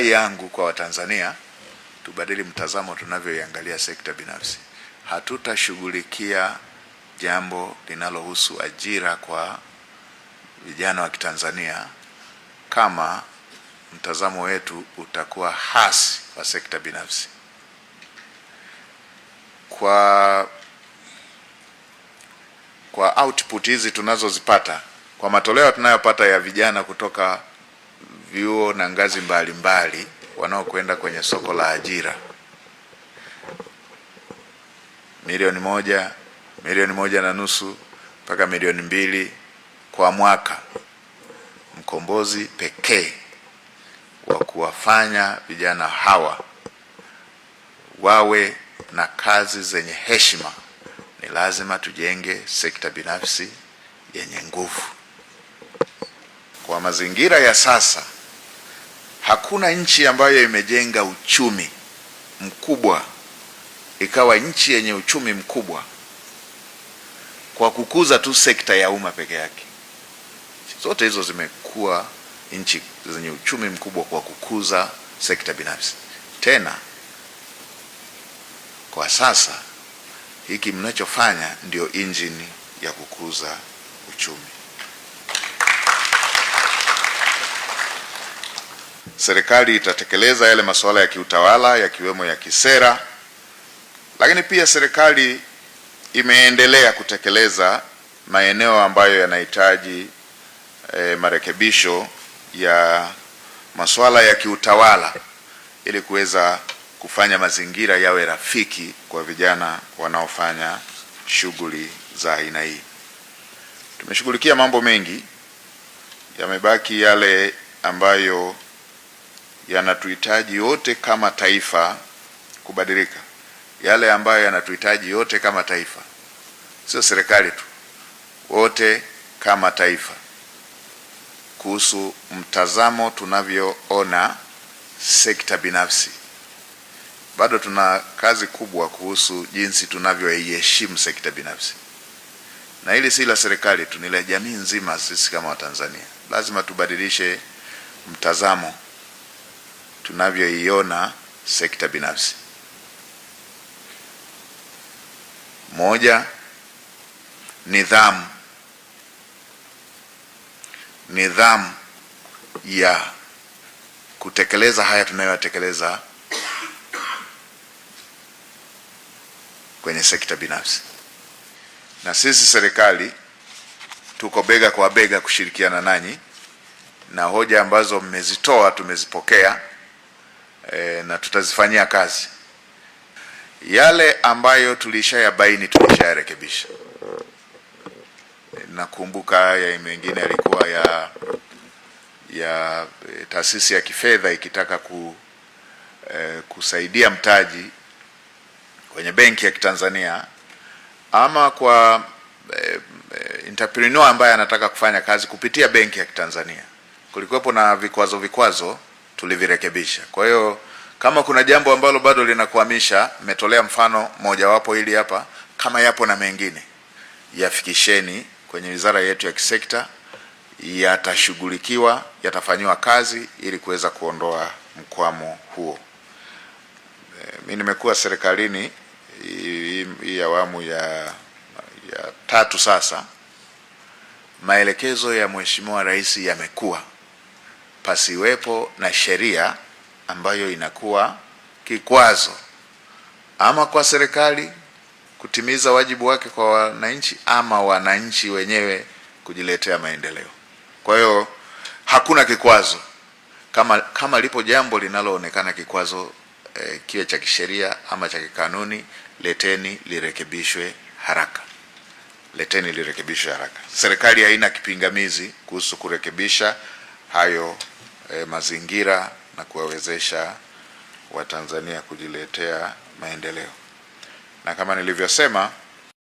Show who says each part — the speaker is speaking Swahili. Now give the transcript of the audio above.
Speaker 1: rai yangu kwa Watanzania tubadili mtazamo tunavyoiangalia sekta binafsi. Hatutashughulikia jambo linalohusu ajira kwa vijana wa Kitanzania kama mtazamo wetu utakuwa hasi wa sekta binafsi. Kwa kwa output hizi tunazozipata, kwa matoleo tunayopata ya vijana kutoka vyuo na ngazi mbalimbali wanaokwenda kwenye soko la ajira milioni moja, milioni moja na nusu mpaka milioni mbili kwa mwaka. Mkombozi pekee wa kuwafanya vijana hawa wawe na kazi zenye heshima ni lazima tujenge sekta binafsi yenye nguvu. Kwa mazingira ya sasa Hakuna nchi ambayo imejenga uchumi mkubwa ikawa nchi yenye uchumi mkubwa kwa kukuza tu sekta ya umma peke yake. Zote hizo zimekuwa nchi zenye uchumi mkubwa kwa kukuza sekta binafsi. Tena kwa sasa hiki mnachofanya ndio injini ya kukuza uchumi.
Speaker 2: serikali itatekeleza yale masuala ya kiutawala yakiwemo ya kisera, lakini pia serikali imeendelea kutekeleza maeneo ambayo yanahitaji e, marekebisho ya masuala ya kiutawala ili kuweza kufanya mazingira yawe rafiki kwa vijana wanaofanya shughuli za aina hii. Tumeshughulikia mambo mengi, yamebaki yale ambayo yanatuhitaji wote kama taifa kubadilika, yale ambayo yanatuhitaji wote kama taifa, sio serikali tu, wote kama taifa, kuhusu mtazamo tunavyoona sekta binafsi. Bado tuna kazi kubwa kuhusu jinsi tunavyoiheshimu sekta binafsi, na hili si la serikali tu, ni la jamii nzima. Sisi kama Watanzania lazima tubadilishe mtazamo tunavyoiona sekta binafsi. Moja, nidhamu, nidhamu ya kutekeleza haya tunayoyatekeleza kwenye sekta binafsi, na sisi serikali tuko bega kwa bega kushirikiana nanyi, na hoja ambazo mmezitoa tumezipokea e, na tutazifanyia kazi. Yale ambayo tulishayabaini tulishayarekebisha. Nakumbuka haya mengine yalikuwa ya ya eh, taasisi ya kifedha ikitaka ku, eh, kusaidia mtaji kwenye benki ya Kitanzania ama kwa eh, eh entrepreneur ambaye anataka kufanya kazi kupitia benki ya Kitanzania, kulikuwepo na vikwazo vikwazo tulivirekebisha. Kwa hiyo kama kuna jambo ambalo bado linakuhamisha, mmetolea mfano mojawapo hili hapa. Kama yapo na mengine, yafikisheni kwenye wizara yetu ya kisekta, yatashughulikiwa, yatafanyiwa kazi ili kuweza kuondoa mkwamo huo. E, eh, mimi nimekuwa serikalini hii awamu ya, ya tatu sasa. Maelekezo ya Mheshimiwa Rais yamekuwa pasiwepo na sheria ambayo inakuwa kikwazo ama kwa serikali kutimiza wajibu wake kwa wananchi ama wananchi wenyewe kujiletea maendeleo. Kwa hiyo hakuna kikwazo kama, kama lipo jambo linaloonekana kikwazo eh, kiwe cha kisheria ama cha kikanuni, leteni lirekebishwe haraka, leteni lirekebishwe haraka. Serikali haina kipingamizi kuhusu kurekebisha hayo eh, mazingira na kuwawezesha Watanzania kujiletea maendeleo. Na kama nilivyosema